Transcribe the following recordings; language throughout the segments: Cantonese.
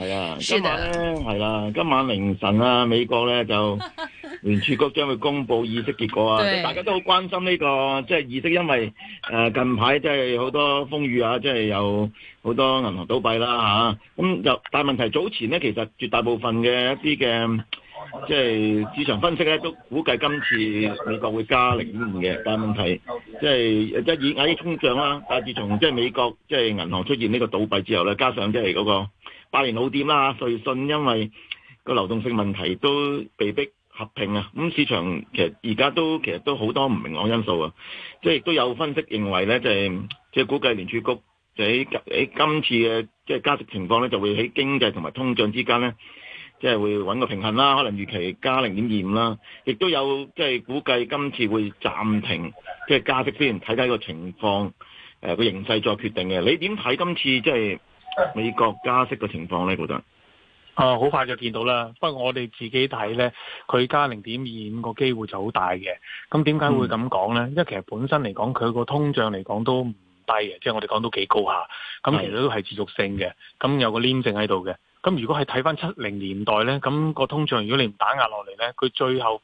係啊，今晚咧係啦，今晚凌晨啊，美國咧就聯儲局將會公佈議息結果啊， 對大家都好關心呢、這個即係、就是、議息，因為誒、呃、近排即係好多風雨啊，即、就、係、是、有好多銀行倒閉啦嚇，咁、啊、就但係問題早前咧其實絕大部分嘅一啲嘅即係市場分析咧都估計今次美國會加零點五嘅，但係問題即係即係以壓抑通脹啦、啊，但係自從即係美國即係銀行出現呢個倒閉之後咧，加上即係嗰個。百年老店啦，瑞信因為個流動性問題都被逼合併啊！咁市場其實而家都其實都好多唔明朗因素啊，即係亦都有分析認為咧，就係即係估計聯儲局就喺今次嘅即係加息情況咧，就會喺經濟同埋通脹之間咧，即係會揾個平衡啦。可能預期加零點二五啦，亦都有即係估計今次會暫停即係加息先，睇睇個情況誒個形勢再決定嘅。你點睇今次即係？美國加息嘅情況咧，覺得啊，好快就見到啦。不過我哋自己睇咧，佢加零點二五個機會就好大嘅。咁點解會咁講咧？嗯，因為其實本身嚟講，佢個通脹嚟講都唔低嘅，即係我哋講都幾高下。咁其實都係持續性嘅。咁是的 有個黏性喺度嘅。咁如果係睇翻七零年代咧，咁個通脹如果你唔打壓落嚟咧，佢最後。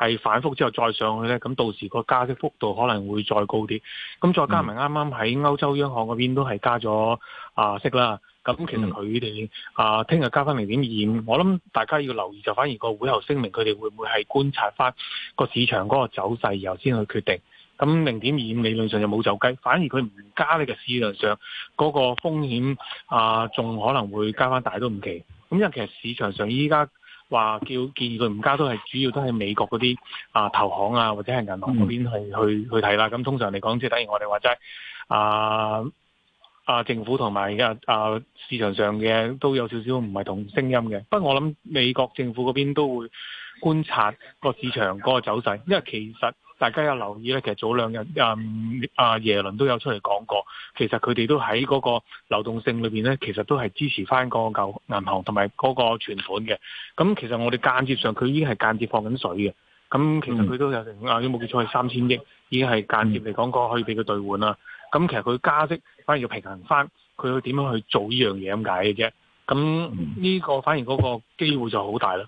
係反覆之後再上去呢，咁到時個加息幅度可能會再高啲。咁再加埋啱啱喺歐洲央行嗰邊都係加咗啊、呃、息啦。咁其實佢哋啊，聽、呃、日加翻零點二五，我諗大家要留意就反而個會後聲明，佢哋會唔會係觀察翻個市場嗰個走勢，然後先去決定。咁零點二五理論上就冇走雞，反而佢唔加呢個市場上嗰個風險啊，仲、呃、可能會加翻大都唔奇。咁因為其實市場上依家。話叫建議佢唔加都係主要都係美國嗰啲啊投行啊或者係銀行嗰邊去、嗯、去去睇啦。咁通常嚟講，即係等如我哋話齋啊啊政府同埋而家啊市場上嘅都有少少唔係同聲音嘅。不過我諗美國政府嗰邊都會觀察個市場嗰個走勢，因為其實。大家有留意咧，其實早兩日啊，阿、嗯、耶倫都有出嚟講過，其實佢哋都喺嗰個流動性裏邊咧，其實都係支持翻個舊銀行同埋嗰個存款嘅。咁其實我哋間接上，佢已經係間接放緊水嘅。咁其實佢都有、嗯、啊，有冇記錯係三千億，已經係間接嚟講過可以俾佢兌換啦。咁其實佢加息反而要平衡翻，佢要點樣去做呢樣嘢咁解嘅啫。咁呢個反而嗰個機會就好大啦。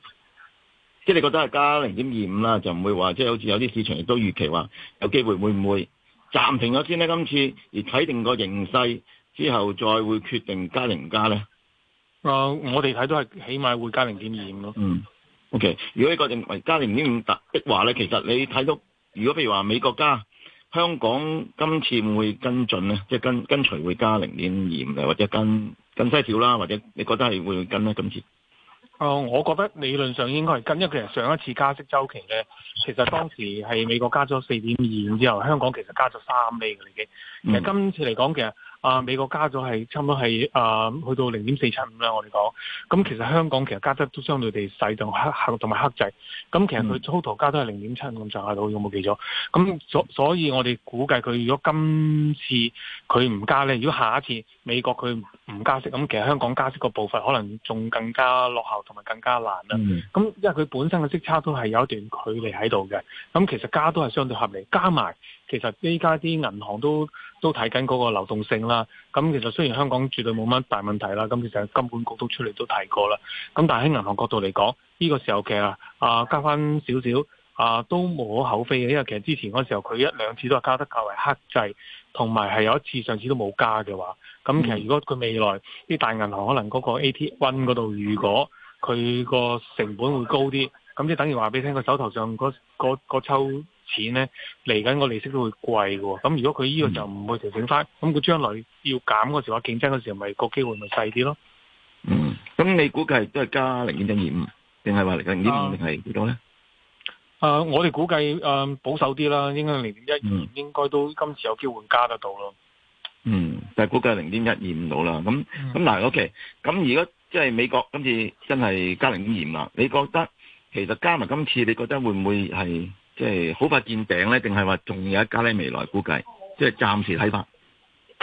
即係你覺得係加零點二五啦，就唔會話即係好似有啲市場亦都預期話有機會會唔會暫停咗先呢？今次而睇定個形勢之後，再會決定加零加咧？啊、呃，我哋睇都係起碼會加零點二五咯。嗯，OK。如果你覺得加零點五達的話咧，其實你睇到如果譬如話美國加，香港今次唔會跟進咧，即係跟跟隨會加零點二五嘅，或者跟跟西少啦，或者你覺得係會跟咧今次？哦、呃，我覺得理論上應該係跟一個人上一次加息週期咧，其實當時係美國加咗四點二，然之後香港其實加咗三厘嘅，其實今次嚟講其實。啊！美國加咗係差唔多係啊、呃，去到零點四七五啦，我哋講。咁、嗯嗯、其實香港其實加得都相對地細同黑同埋黑、黑、黑制。咁其實佢 total 加都係零點七五咁上下度，有冇記錯？咁所所以，我哋估計佢如果今次佢唔加咧，如果下一次美國佢唔加息，咁其實香港加息個步伐可能仲更加落後同埋更加難啦。咁、嗯、因為佢本身嘅息差都係有一段距離喺度嘅。咁其實加都係相對合理，加埋。其實呢家啲銀行都都睇緊嗰個流動性啦，咁其實雖然香港絕對冇乜大問題啦，咁其實金管局都出嚟都提過啦。咁但係喺銀行角度嚟講，呢、呢個時候其實啊加翻少少啊都無可厚非嘅，因為其實之前嗰時候佢一兩次都係加得較為克制，同埋係有一次上次都冇加嘅話，咁其實如果佢未來啲大銀行可能嗰個 AT1 嗰度，如果佢個成本會高啲，咁即係等於話俾你聽佢手頭上嗰、嗰、抽、個。錢咧嚟緊個利息都會貴嘅喎，咁如果佢依個就唔會調整翻，咁佢將來要減嗰時話競爭嗰時咪個機會咪細啲咯。嗯，咁你估計都係加零點一二五，定係話零點五定係幾多咧？誒、啊，我哋估計誒、呃、保守啲啦，應該零點一二應該都今次有機會加得到咯。嗯，就係、是、估計零點一二五到啦。咁咁嗱，OK，咁而家即係美國今次真係加零點二五啦。你覺得其實加埋今次，你覺得會唔會係？即係好快見頂咧，定係話仲有一家咧？未來估計，即係暫時睇法。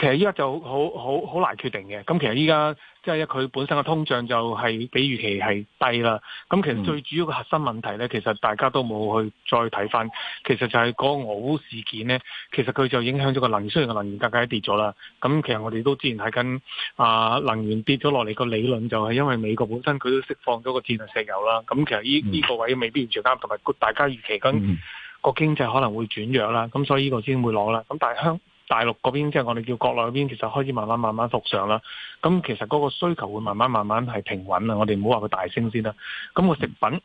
其實依家就好好好難決定嘅，咁其實依家即係咧，佢本身嘅通脹就係比預期係低啦。咁其實最主要嘅核心問題咧，其實大家都冇去再睇翻。其實就係嗰個俄烏事件咧，其實佢就影響咗個能源，雖然個能源價格都跌咗啦。咁其實我哋都自然睇緊啊，能源跌咗落嚟個理論就係因為美國本身佢都釋放咗個戰略石油啦。咁其實呢依個位未必完全啱，同埋大家預期緊個經濟可能會轉弱啦。咁所以呢個先會攞啦。咁但係香。大陸嗰邊即係、就是、我哋叫國內嗰邊，其實開始慢慢慢慢復上啦。咁其實嗰個需求會慢慢慢慢係平穩啦。我哋唔好話佢大升先啦。咁、那個食品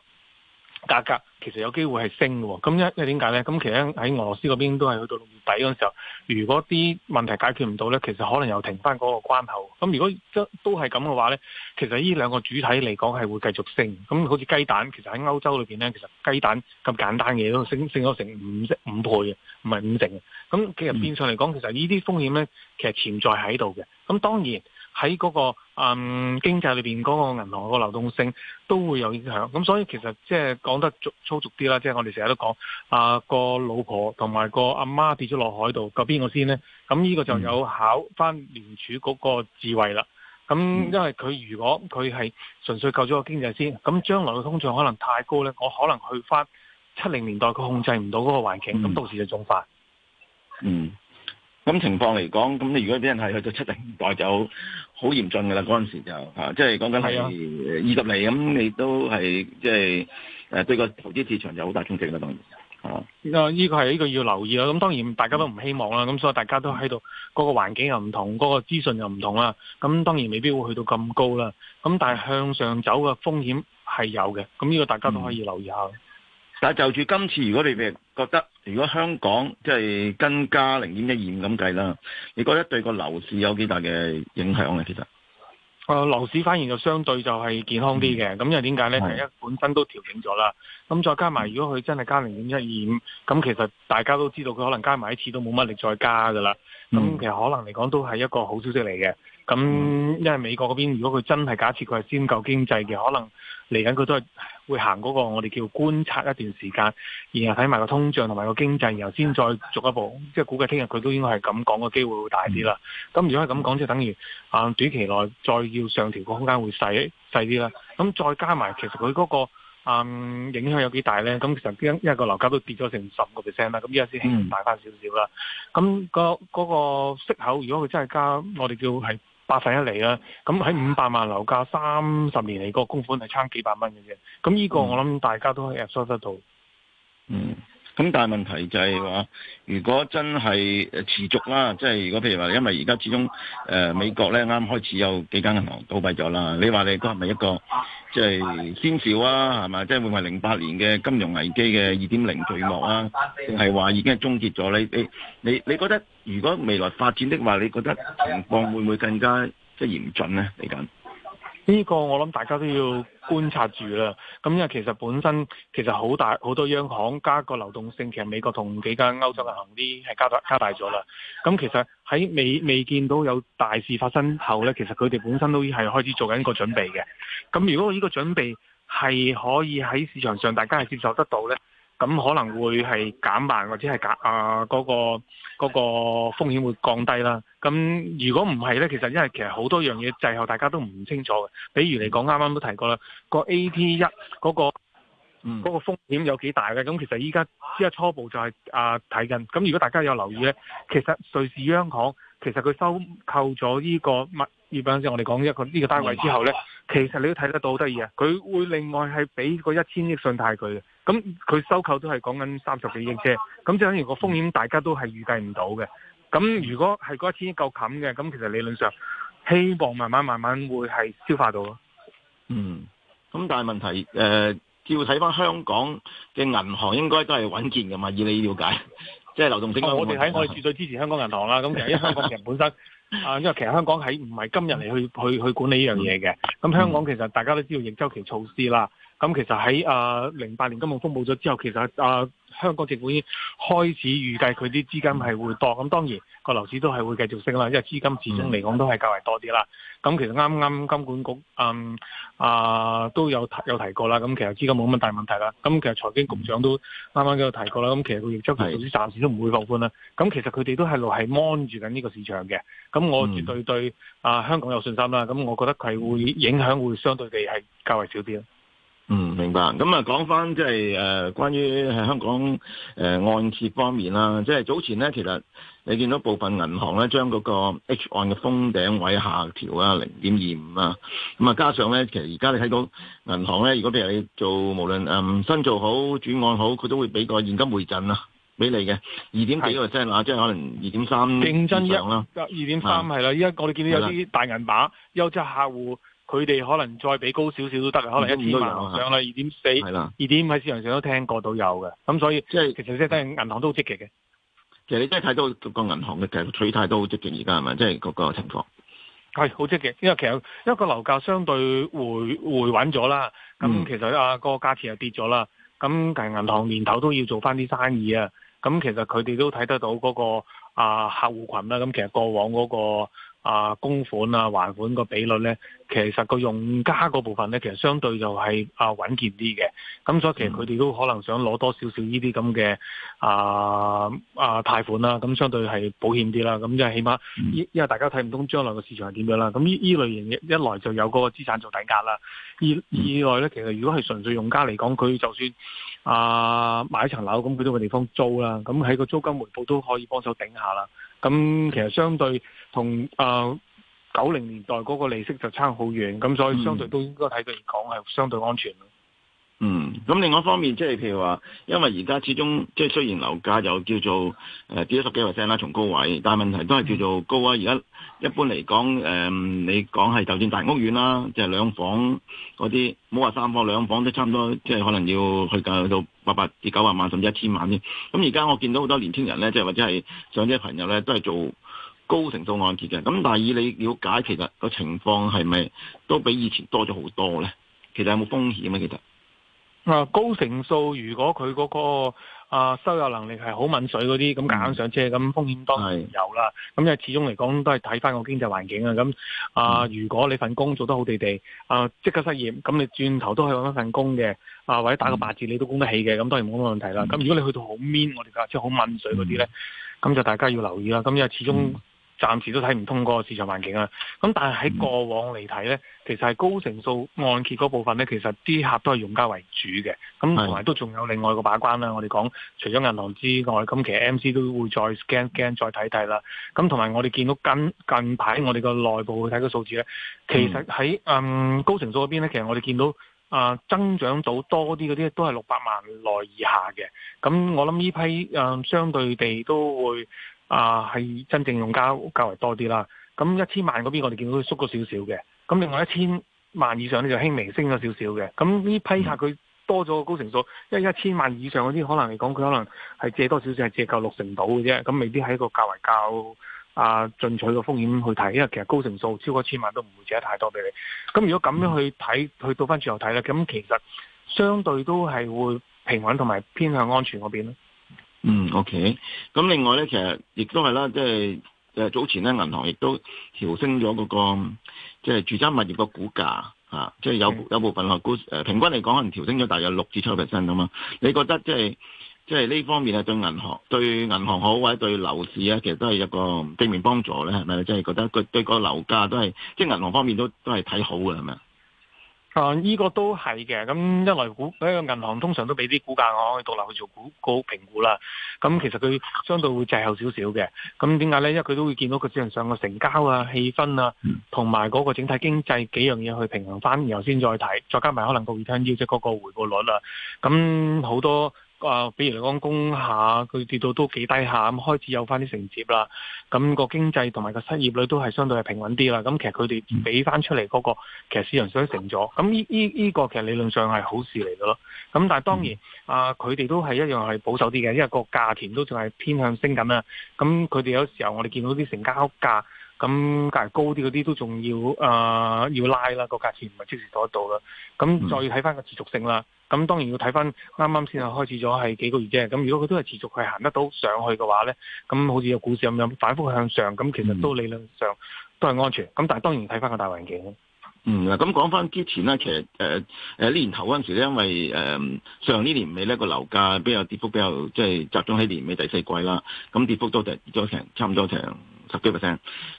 價格其實有機會係升嘅，咁一即係點解咧？咁其實喺俄羅斯嗰邊都係去到六月底嗰陣時候，如果啲問題解決唔到咧，其實可能又停翻嗰個關口。咁如果都都係咁嘅話咧，其實呢兩個主體嚟講係會繼續升。咁好似雞蛋，其實喺歐洲裏邊咧，其實雞蛋咁簡單嘅都升升咗成五五倍嘅，唔係五成嘅。咁其實變相嚟講，其實呢啲風險咧，其實潛在喺度嘅。咁當然。喺嗰、那個誒、嗯、經濟裏邊，嗰個銀行個流動性都會有影響。咁所以其實即係講得粗粗俗啲啦，即、就、係、是、我哋成日都講啊，個、呃、老婆同埋個阿媽跌咗落海度，救邊個先呢？咁呢個就有考翻聯儲局個智慧啦。咁因為佢如果佢係純粹救咗個經濟先，咁將來嘅通脹可能太高呢。我可能去翻七零年代，佢控制唔到嗰個環境，咁到時就中發、嗯。嗯。咁情況嚟講，咁你如果俾人係去到七零年代就好嚴峻噶啦，嗰陣時就嚇、啊，即係講緊係二十厘，咁、啊，你，你都係即係誒對個投資市場就好大衝擊啦。當然，哦，啊，呢個係呢、呢個要留意咯。咁當然大家都唔希望啦，咁、嗯、所以大家都喺度嗰個環境又唔同，嗰、嗰個資訊又唔同啦。咁當然未必會去到咁高啦。咁但係向上走嘅風險係有嘅。咁呢個大家都可以留意下。嗯。但係就住今次，如果你哋覺得，如果香港即係跟加零點一二五咁計啦，你覺得對個樓市有幾大嘅影響咧？嗯、其實誒、呃、樓市反而就相對就係健康啲嘅，咁、嗯、因為點解咧？是第一本身都調整咗啦，咁、嗯、再加埋如果佢真係加零點一二五，咁其實大家都知道佢可能加埋一次都冇乜力再加噶啦，咁、嗯、其實可能嚟講都係一個好消息嚟嘅。咁、嗯嗯、因為美國嗰邊，如果佢真係假設佢係先救經濟嘅，可能。嚟緊佢都係會行嗰個我哋叫觀察一段時間，然後睇埋個通脹同埋個經濟，然後先再進一步。即係估計聽日佢都應該係咁講嘅機會會大啲啦。咁、嗯、如果係咁講，即係等於啊短期內再要上調個空間會細細啲啦。咁再加埋其實佢嗰、嗰個啊、嗯、影響有幾大咧？咁其實因因為個樓價都跌咗成十五、嗯個 percent 啦。咁依家先起大翻少少啦。咁嗰嗰個息口，如果佢真係加，我哋叫係，百分一厘啦，咁喺五百萬樓價三十年嚟，個供款係差幾百蚊嘅啫，咁呢個我諗大家都吸收得到。嗯。嗯咁但係問題就係話，如果真係誒持續啦、啊，即係如果譬如話，因為而家始終誒、呃、美國咧啱啱開始有幾間銀行倒閉咗啦，你話你都係咪一個即係先兆啊？係咪即係會唔會零八年嘅金融危機嘅二點零序幕啊？定係話已經係終結咗？你你你你覺得如果未來發展的話，你覺得情況會唔會更加即係嚴峻咧？嚟緊？呢個我諗大家都要觀察住啦。咁因為其實本身其實好大好多央行加個流動性，其實美國同幾間歐洲銀行啲係加大加大咗啦。咁其實喺未未見到有大事發生後呢，其實佢哋本身都係開始做緊一個準備嘅。咁如果呢個準備係可以喺市場上大家係接受得到呢？咁可能會係減慢或者係減啊嗰個嗰個風險會降低啦。咁、啊、如果唔係呢，其實因為其實好多樣嘢滯後，大家都唔清楚嘅。比如你講，啱啱都提過啦，個 AT1 嗰、那個，嗯，嗰個風險有幾大嘅。咁、啊、其實依家即係初步就係、是、啊睇緊。咁、啊、如果大家有留意呢，其實瑞士央行。其實佢收購咗呢個物業，以唔我哋講一個呢個單位之後呢，其實你都睇得到好得意啊！佢會另外係俾個一千億信貸佢嘅，咁佢收購都係講緊三十幾億啫。咁就係如果風險大家都係預計唔到嘅，咁如果係嗰一千億夠冚嘅，咁其實理論上希望慢慢慢慢會係消化到咯。嗯，咁但係問題誒，照睇翻香港嘅銀行應該都係穩健㗎嘛？以你了解？即係流動性、哦，我哋喺我哋絕對支持香港銀行啦。咁其實因為香港其實本身，啊、 呃，因為其實香港喺唔係今日嚟去去去管理呢樣嘢嘅。咁、嗯、香港其實大家都知道逆周期措施啦。咁其實喺啊零八年金融風暴咗之後，其實啊、uh, 香港政府已經開始預計佢啲資金係會多，咁當然個樓市都係會繼續升啦，因為資金始終嚟講都係較為多啲啦。咁、嗯嗯、其實啱啱金管局、嗯、啊啊都有提有提過啦，咁其實資金冇乜大問題啦。咁其實財經局長都啱啱都有提過啦，咁其實佢亦將投資暫時都唔會放寬啦。咁是的、嗯、其實佢哋都係落係 mon 住緊呢個市場嘅。咁我絕對對啊、呃、香港有信心啦。咁我覺得佢係會影響會相對地係較為少啲。嗯，明白。咁、嗯、啊，講翻即係誒，關於喺香港誒按揭方面啦，即係早前咧，其實你見到部分銀行咧，將嗰個 H 按嘅封頂位下調啊，零點二五啊。咁、嗯、啊，加上咧，其實而家你睇到銀行咧，如果譬如你做無論誒、嗯、新做好轉按好，佢都會俾個現金回贈啊，俾你嘅二點幾 percent 啊，的即係可能二點三以上啦、啊，二點三係啦。依家我哋見到有啲大銀把優質客戶。佢哋可能再俾高少少都得啊，可能一千萬以上啦，二點四，二點五喺市場上都聽過到有嘅，咁所以即係，其實即係銀行都好積極嘅。其實你真係睇到個銀行嘅，其實取態都好積極，而家係咪？即係嗰個情況係好積極，因為其實一個樓價相對回回穩咗啦，咁其實啊個價錢又跌咗啦，咁其實銀行年頭都要做翻啲生意啊，咁其實佢哋都睇得到嗰個啊客戶群啦，咁其實過往嗰個。啊，供款啊，還款個比率呢，其實個用家嗰部分呢，其實相對就係、是、啊穩健啲嘅。咁所以其實佢哋都可能想攞多少少呢啲咁嘅啊啊貸款啊啦。咁相對係保險啲啦。咁即係起碼，因、嗯、因為大家睇唔通將來個市場係點樣啦。咁呢呢類型一來就有嗰個資產做抵押啦。二、嗯、二來呢，其實如果係純粹用家嚟講，佢就算啊買層樓，咁佢都個地方租啦。咁喺個租金回報都可以幫手頂下啦。咁其實相對同啊九零年代嗰個利息就差好遠，咁所以相對都應該睇嚟講係相對安全咯。嗯，咁另外一方面即係譬如話，因為而家始終即係雖然樓價有叫做誒跌咗十幾個 percent 啦，從高位，但係問題都係叫做高位、啊。而家。一般嚟講，誒、嗯，你講係就算大屋苑啦、啊，即係兩房嗰啲，冇好話三房兩房都差唔多，即、就、係、是、可能要去計到八百至九百萬，甚至一千萬添。咁而家我見到好多年輕人咧，即係或者係上一啲朋友咧，都係做高程度按揭嘅。咁但係以你了解，其實個情況係咪都比以前多咗好多咧？其實有冇風險咧？其實？啊，高成數如果佢嗰、那個啊、呃、收入能力係好敏水嗰啲，咁夾硬上車，咁風險當然有啦。咁因為始終嚟講都係睇翻個經濟環境啊。咁啊、呃，如果你份工做得好地地，啊、呃、即刻失業，咁你轉頭都係揾一份工嘅，啊、呃、或者打個八折你都供得起嘅，咁、嗯、當然冇乜問題啦。咁、嗯、如果你去到好 mean，我哋架車好敏水嗰啲呢，咁、嗯、就大家要留意啦。咁因為始終、嗯。嗯暫時都睇唔通嗰個市場環境啊。咁但係喺過往嚟睇呢，其實係高成數按揭嗰部分呢，其實啲客都係用家為主嘅。咁同埋都仲有另外個把關啦。我哋講除咗銀行之外，咁其實 MC 都會再 scan scan 再睇睇啦。咁同埋我哋見到近近排我哋個內部去睇個數字呢，嗯、其實喺嗯高成數嗰邊呢，其實我哋見到啊、呃、增長到多啲嗰啲都係六百萬內以下嘅。咁我諗呢批啊、呃、相對地都會。啊，係真正用家較為多啲啦。咁一千萬嗰邊，我哋見到佢縮咗少少嘅。咁另外一千萬以上咧，就輕微升咗少少嘅。咁呢批客佢多咗個高成數，因為一千萬以上嗰啲，可能嚟講佢可能係借多少少係借夠六成到嘅啫。咁未必係一個較為較啊進取嘅風險去睇，因為其實高成數超過千萬都唔會借得太多俾你。咁如果咁樣去睇，去到翻最後睇咧，咁其實相對都係會平穩同埋偏向安全嗰邊咯。嗯，OK。咁另外咧，其實亦都係啦，即係誒早前咧，銀行亦都調升咗嗰、那個即係、就是、住宅物業嘅股價啊，即、就、係、是、有、嗯、有部分個股誒、呃、平均嚟講，可能調升咗大約六至七 percent 咁嘛。你覺得即係即係呢方面係對銀行對銀行好，或者對樓市咧、啊，其實都係一個正面幫助咧，係咪？即、就、係、是、覺得佢對個樓價都係，即、就、係、是、銀行方面都都係睇好嘅，係咪？呢依、呃，這個都係嘅，咁一來股，因為銀行通常都俾啲估價行去獨立去做股個評估啦。咁、啊、其實佢相對會滯後少少嘅。咁點解呢？因為佢都會見到佢市場上嘅成交啊、氣氛啊，同埋嗰個整體經濟幾樣嘢去平衡翻，然後先再睇，再加埋可能個 return yield 即嗰個回報率啦。咁、啊、好、啊、多。啊，比如你講工下佢跌到都幾低下咁，開始有翻啲承接啦。咁個經濟同埋個失業率都係相對係平穩啲啦。咁其實佢哋俾翻出嚟嗰、那個，其實市場上成咗。咁呢呢呢個其實理論上係好事嚟嘅咯。咁但係當然、嗯、啊，佢哋都係一樣係保守啲嘅，因為個價錢都仲係偏向升緊啊。咁佢哋有時候我哋見到啲成交價。咁價高啲嗰啲都仲要誒、呃、要拉啦，個價錢唔係即時攞得到啦。咁再睇翻個持續性啦。咁當然要睇翻啱啱先係開始咗係幾個月啫。咁如果佢都係持續佢行得到上去嘅話咧，咁好似個股市咁樣反覆向上，咁其實都理論上都係安全。咁但係當然睇翻個大環境。嗯嗱，咁講翻之前咧，其實誒誒、呃呃、年頭嗰陣時咧，因為誒、呃、上呢年尾咧個樓價比較跌幅比較即係、就是、集中喺年尾第四季啦。咁跌幅都跌咗成差唔多成十幾 percent，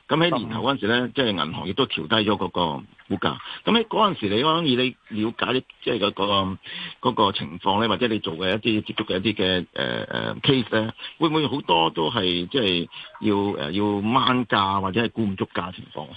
咁喺年頭嗰陣時咧，即係銀行亦都調低咗嗰個估價。咁喺嗰陣時，你可以你瞭解即係嗰、嗰個嗰個情況咧，或者你做嘅一啲接觸嘅一啲嘅誒誒 case 咧，會唔會好多都係即係要誒、呃、要掹價或者係估唔足價情況？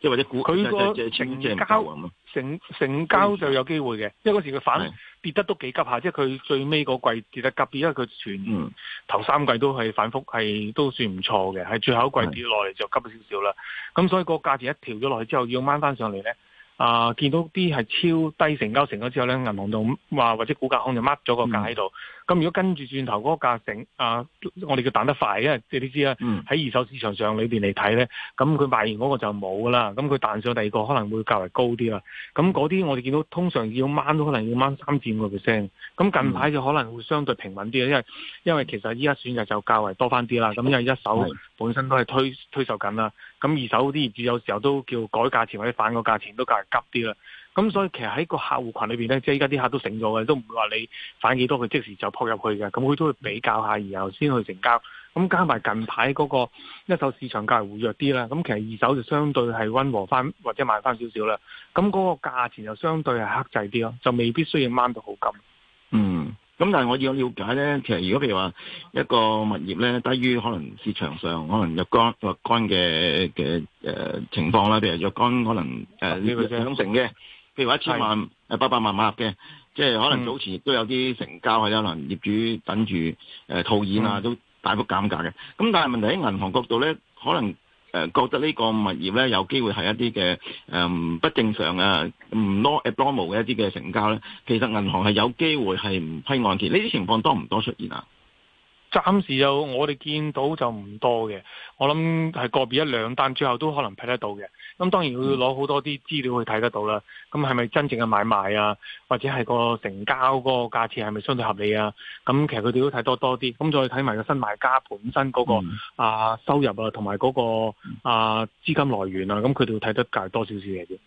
即或者股佢個成交成成交就有機會嘅，因為嗰時佢反跌得都幾急下，即係佢最尾嗰季跌得急，因為佢全頭三季都係反覆，係都算唔錯嘅，係最後一季跌落嚟就急少少啦。咁的所以個價錢一調咗落去之後，要掹翻上嚟咧。啊！見到啲係超低成交成咗之後咧，銀行就話或者股價行就掹咗個價喺度。咁、嗯、如果跟住轉頭嗰個價成，啊，我哋叫彈得快，因為即係你知啦，喺、嗯、二手市場上裏邊嚟睇咧，咁佢賣完嗰個就冇啦。咁佢彈上第二個可能會較為高啲啦。咁嗰啲我哋見到通常要掹都可能要掹三至五個 percent。咁近排就可能會相對平穩啲啊，因為因為其實依家選擇就較為多翻啲啦。咁因為一手本身都係推的推售緊啦。咁二手啲業主有時候都叫改價錢或者反個價錢都較為急啲啦。咁所以其實喺個客戶群裏邊咧，即係依家啲客都醒咗嘅，都唔會話你反幾多佢即時就撲入去嘅。咁佢都會比較下，然後先去成交。咁加埋近排嗰個一手市場較為活躍啲啦。咁其實二手就相對係溫和翻，或者慢返少少啦。咁嗰個價錢就相對係克制啲咯，就未必需要掹到好急。嗯。咁、嗯、但係我有了解咧，其實如果譬如話一個物業咧，低於可能市場上可能若干若干嘅嘅誒情況啦，譬如、呃、若干可能呢誒兩成嘅，譬如話一千萬誒八百萬買入嘅，即係可能早前亦都有啲成交可能業主等住誒套現啊，都大幅減價嘅。咁、嗯嗯、但係問題喺銀行角度咧，可能。誒、呃、覺得呢個物業咧，有機會係一啲嘅誒唔正常啊，唔 normal、abnormal 嘅一啲嘅成交咧，其實銀行係有機會係唔批按揭，呢啲情況多唔多出現啊？暫時就我哋見到就唔多嘅，我諗係個別一兩單，最後都可能睇得到嘅。咁當然要攞好多啲資料去睇得到啦。咁係咪真正嘅買賣啊？或者係個成交嗰個價錢係咪相對合理啊？咁其實佢哋都睇多多啲。咁再睇埋個新買家本身嗰、嗰個、嗯、啊收入啊，同埋嗰個啊資金來源啊，咁佢哋會睇得較多少少嘅啫。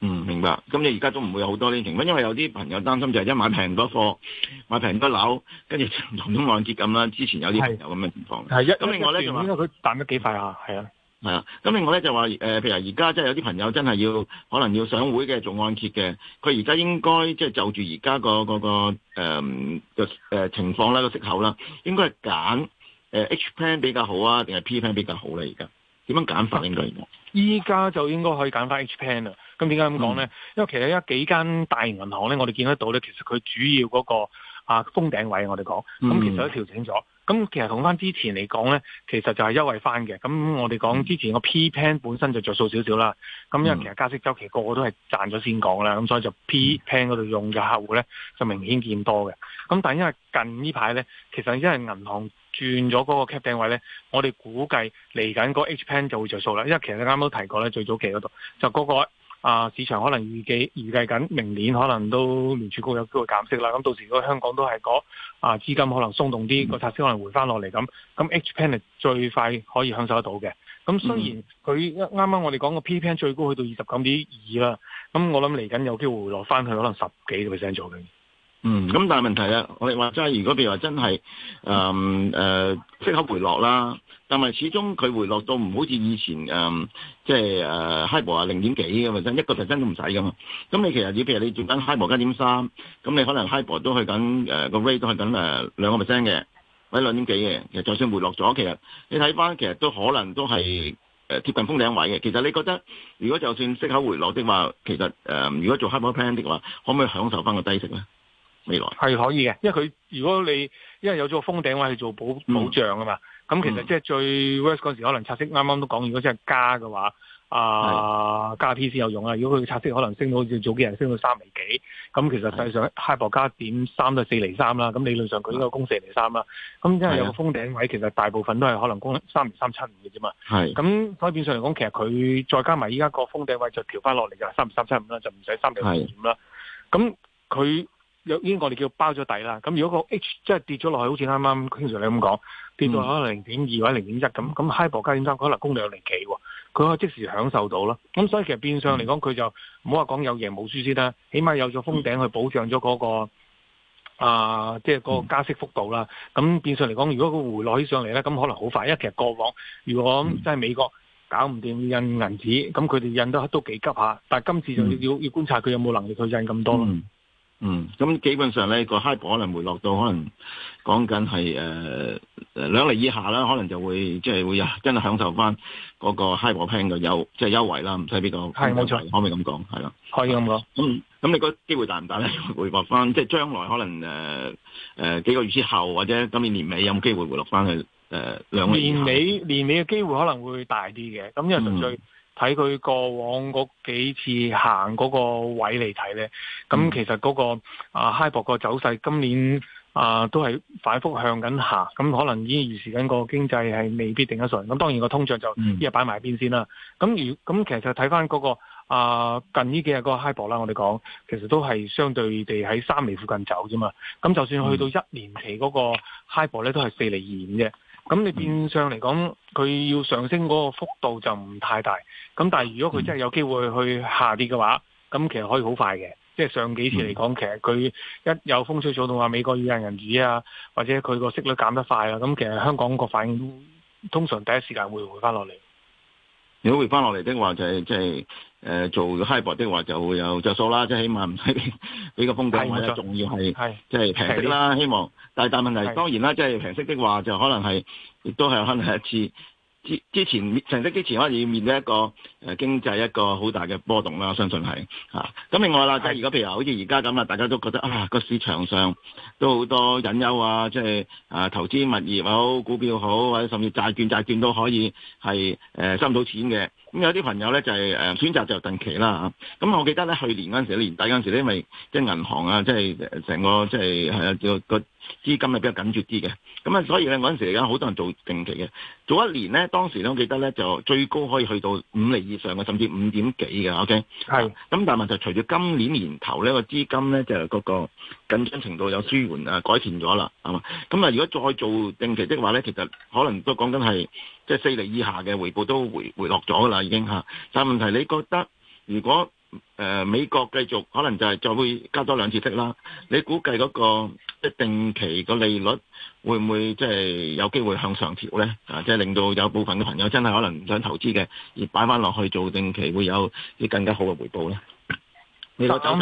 嗯，明白。咁你而家都唔會有好多呢啲情況，因為有啲朋友擔心就係一買平多貨，買平不樓，跟住同啲按揭咁啦。之前有啲有咁嘅情況。係一咁另外咧，就說因為佢彈得幾快啊，係啊。係啊，咁另外咧就話誒、呃，譬如而家即係有啲朋友真係要可能要上會嘅做按揭嘅，佢而家應該即係就住而家個嗰個誒個情況啦，個息口啦，應該係揀誒 H plan 比較好啊，定係 P plan 比較好咧？啊，而家？點樣揀法應該嘅？依家就應該可以揀翻 H plan 啦。咁點解咁講咧？嗯、因為其實一幾間大型銀行咧，我哋見得到咧，其實佢主要嗰、那個啊封頂位我，我哋講咁其實都調整咗。咁其實同翻之前嚟講咧，其實就係優惠翻嘅。咁我哋講之前個 P plan 本身就着數少少啦。咁因為其實加息周期個個都係賺咗先講啦。咁所以就 P plan 嗰度用嘅客戶咧，就明顯見多嘅。咁但係因為近呢排咧，其實因為銀行。轉咗嗰個 cap 定位咧，我哋估計嚟緊嗰 H plan 就會着數啦。因為其實你啱啱都提過咧，最早期嗰度就嗰、嗰個啊市場可能預計預計緊明年可能都聯儲局有機會減息啦。咁到時如果香港都係嗰、嗰個、啊資金可能鬆動啲，個拆息可能回翻落嚟咁。咁 H plan 係最快可以享受得到嘅。咁雖然佢啱啱我哋講個 P plan 最高去到二十九點二啦，咁我諗嚟緊有機會回落翻去可能十幾個 percent 左嘅。嗯，咁但係問題咧、啊，我哋話即係，如果譬如話真係，誒、嗯、誒、呃、息口回落啦，但係始終佢回落到唔好似以前誒、嗯，即係誒 HIBOR 啊零點幾咁樣，真一個 percent 都唔使噶嘛。咁、嗯、你其實你如果譬如你做緊 HIBOR 加點三，咁、嗯、你可能 HIBOR 都去緊誒、呃、個 rate 都去緊誒兩個 percent 嘅，或者兩點幾嘅，其實就算回落咗，其實你睇翻其實都可能都係誒貼近封頂位嘅。其實你覺得，如果就算息口回落的話，其實誒、呃、如果做 HIBOR plan 的話，可唔可以享受翻個低息咧？係可以嘅，因為佢如果你因為有咗個封頂位去做保、嗯、保障啊嘛，咁其實即係最 worst 嗰時可能拆息，啱啱都講如果真係加嘅話，啊加 P 先有用啊。如果佢拆息可能升到好似早幾日升到三厘幾，咁、嗯、其實實際上 HIBOR 加點三到四厘三啦，咁理論上佢應該供四厘三啦。咁因為有個封頂位，是的 其實大部分都係可能供三厘三七五嘅啫嘛。係咁是的，變相上嚟講，其實佢再加埋依家個封頂位就調翻落嚟嘅，三厘三七五啦，就唔使三厘四五啦。咁佢有已經我哋叫包咗底啦。咁如果個 H 即係跌咗落去，好似啱啱 King Sir 你咁講，跌到 1,、嗯、可能零點二或者零點一咁，咁 HIBOR 加點三，可能供兩厘幾喎，佢可以即時享受到咯。咁所以其實變相嚟講，佢、嗯、就唔好話講有贏冇輸先啦，起碼有咗封頂去保障咗嗰、那個、嗯、啊，即係個加息幅度啦。咁變相嚟講，如果佢回落起上嚟咧，咁可能好快。因為其實過往如果即係美國搞唔掂印銀紙，咁佢哋印得都幾急下。但係今次就要、嗯、要觀察佢有冇能力去印咁多咯。嗯嗯，咁、嗯、基本上咧，個 HIBOR 可能回落到可能講緊係誒兩厘以下啦，可能就會即係、就是、會啊，真係享受翻嗰個 HIBOR 嘅有即係優惠啦，唔使畀個？係冇錯，可唔可以咁講？係咯的，可以咁講。嗯，咁你覺得機會大唔大咧？回落翻即係將來可能誒誒、呃呃、幾個月之後，或者今年年尾有冇機會回落翻去誒、呃、兩釐？年尾年尾嘅機會可能會大啲嘅，咁因為實際。嗯睇佢過往嗰幾次行嗰個位嚟睇呢，咁、嗯、其實嗰、嗰個啊 HIBOR 個走勢今年啊都係反覆向緊行。咁可能已經預示緊個經濟係未必定得順，咁當然個通脹就依日擺埋邊先啦。咁如咁其實睇翻嗰個啊近呢幾日嗰個 HIBOR 啦，我哋講其實都係相對地喺三厘附近走啫嘛。咁就算去到一年期嗰個 HIBOR 呢，都係四厘二五啫。咁你變相嚟講，佢要上升嗰個幅度就唔太大。咁但係如果佢真係有機會去下跌嘅話，咁其實可以好快嘅。即係上幾次嚟講，其實佢一有風吹草動話，美國要人人主啊，或者佢個息率減得快啦，咁其實香港個反應通常第一時間會回翻落嚟。如果回翻落嚟的話就係、是，即、呃、係，誒做 HIBOR 的話就會有着數啦。即係起碼唔使俾個封頂，是或者仲要係即係平息啦。是希望，是但係的但問題，的當然啦，即係平息的話就可能係，亦都係可能係一次。之之前，成績之前，可以面對一個誒、呃、經濟一個好大嘅波動啦。我相信係嚇。咁、啊、另外啦，即、就、係、是、如果譬如話，好似而家咁啦，大家都覺得啊，個市場上都好多隱憂啊，即係啊，投資物業好、股票好，或者甚至債券、債券都可以係誒、呃、收唔到錢嘅。咁、啊、有啲朋友咧就係、是、誒、呃、選擇就定期啦嚇。咁、啊啊、我記得咧，去年嗰陣時，年底嗰陣時咧，因為即係銀行啊，即係成個即係係啊叫個。就是啊叫個資金係比較緊缺啲嘅，咁啊，所以咧嗰陣時嚟講好多人做定期嘅，做一年咧，當時咧我記得咧就最高可以去到五厘以上嘅，甚至五點幾嘅，OK，係是。咁、啊、但係問題，隨住今年年頭咧個資金咧就嗰、是、個緊張程度有舒緩啊改善咗啦，係嘛？咁啊，如果再做定期的話咧，其實可能都講緊係即係四厘以下嘅回報都回回落咗啦已經吓、啊，但係問題，你覺得如果？誒、呃，美國繼續可能就係再會加多兩次息啦。你估計嗰個即定期個利率會唔會即係有機會向上調呢？啊，即、就、係、是、令到有部分嘅朋友真係可能唔想投資嘅，而擺翻落去做定期會有啲更加好嘅回報呢？你個走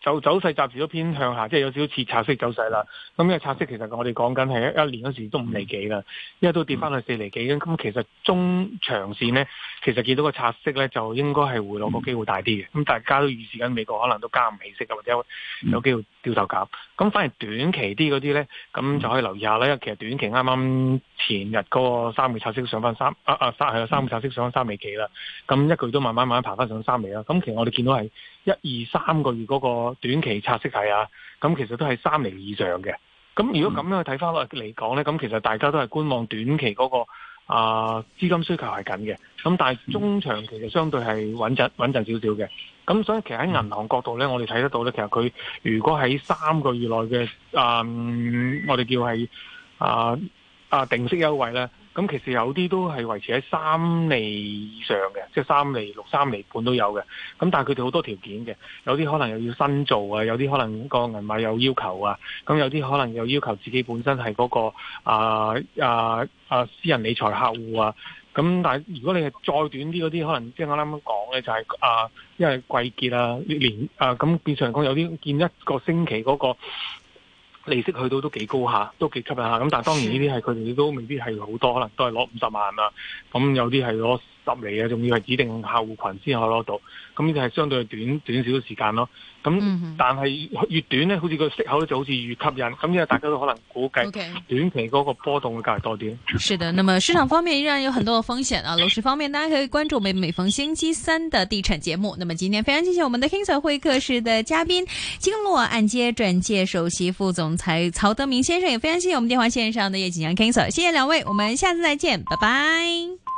就走勢暫時都偏向下，即係有少少似拆息走勢啦。咁因為拆息其實我哋講緊係一一年嗰時都五厘幾啦，因為都跌翻去四厘幾咁。其實中長線呢，其實見到個拆息呢，就應該係回落個機會大啲嘅。咁大家都預示緊美國可能都加唔起息，或者有機會掉頭減。咁反而短期啲嗰啲呢，咁就可以留意下啦。因為其實短期啱啱前日嗰個三個月拆息上翻三，啊啊三係三個月拆息上翻三釐幾啦。咁一個月都慢慢慢慢爬翻上三釐啦。咁其實我哋見到係一二三個月嗰、那個。短期拆息睇啊，咁其實都係三厘以上嘅。咁如果咁樣去睇翻落嚟講咧，咁、嗯、其實大家都係觀望短期嗰個啊資金需求係緊嘅。咁但係中長期就相對係穩陣穩陣少少嘅。咁所以其實喺銀行角度咧，嗯、我哋睇得到咧，其實佢如果喺三個月內嘅、嗯、啊，我哋叫係啊啊定息優惠咧。咁其實有啲都係維持喺三厘以上嘅，即係三厘六、三厘半都有嘅。咁但係佢哋好多條件嘅，有啲可能又要新做啊，有啲可能個銀碼有要求啊。咁有啲可能又要求自己本身係嗰個啊啊啊私人理財客戶啊。咁但係如果你係再短啲嗰啲，可能即係我啱啱講嘅就係啊，因為季結啊，年啊，咁變相講有啲見一個星期嗰個。利息去到都幾高下，都幾吸引下。咁但係，當然呢啲係佢哋都未必係好多，可能都係攞五十萬啦。咁有啲係攞。十厘啊，仲要係指定客戶群先可攞到，咁就係相對短短少少時間咯。咁、嗯、哼但係越短呢，好似個息口就好似越吸引，咁因為大家都可能估計短期嗰個波動會較多啲。是的，那麼市場方面依然有很多嘅風險啊。樓市方面，大家可以關注每逢星期三的地產節目。那麼今天非常謝謝我們的 King Sir 會客室的嘉賓，經絡按揭轉介首席副總裁曹德明先生，也非常謝謝我們電話線上的葉錦洋 King Sir。謝謝兩位，我們下次再見，拜拜。